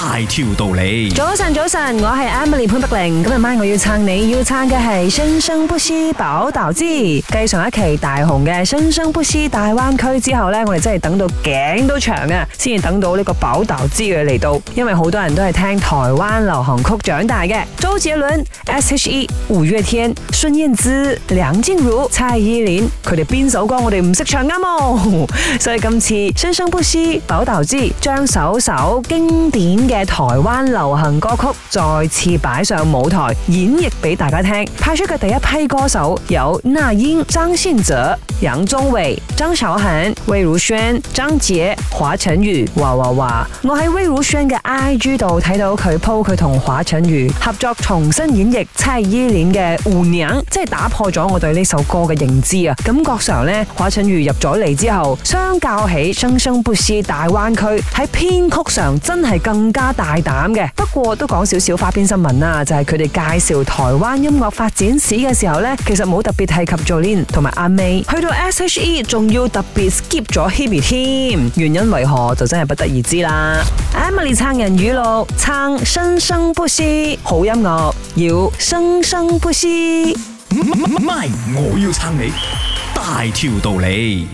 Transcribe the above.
大條道理。早晨，早晨，我係 Emily 潘德玲。今日晚我要撐，你要撐嘅係《聲生不息寶島季》。繼上一期大紅嘅《聲生不息大灣區》之後呢，我哋真係等到頸都長啊，先至等到呢個《寶島季》佢嚟到。因為好多人都係聽台灣流行曲長大嘅，周杰倫、S H E、五月天、孫燕姿、梁靜茹、蔡依林，佢哋邊首歌我哋唔識唱？啱哦。所以今次《聲生不息寶島季》將首首經典，嘅台灣流行歌曲再次擺上舞台演繹俾大家聽，派出嘅第一批歌手有那英、張信哲、楊宗緯、張韶涵、魏如萱、張杰、華晨宇。哇哇哇！我喺魏如萱嘅 I G 度睇到佢鋪佢同華晨宇合作重新演繹《蔡依林》嘅《舞孃》，即係打破咗我對呢首歌嘅認知啊！感覺上咧，華晨宇入咗嚟之後，相較起《聲生不息大灣區》，喺編曲上真係更加。加大膽嘅，不過都講少少花邊新聞啊！就係佢哋介紹台灣音樂發展史嘅時候咧，其實冇特別提及 Jolin 同埋阿 May。去到 SHE 仲要特別 skip 咗 Hebe 添，原因為何就真係不得而知啦。Emily 撐人語錄，撐聲生不息，好音樂要生生不息，MY 我要撐你，大條道理。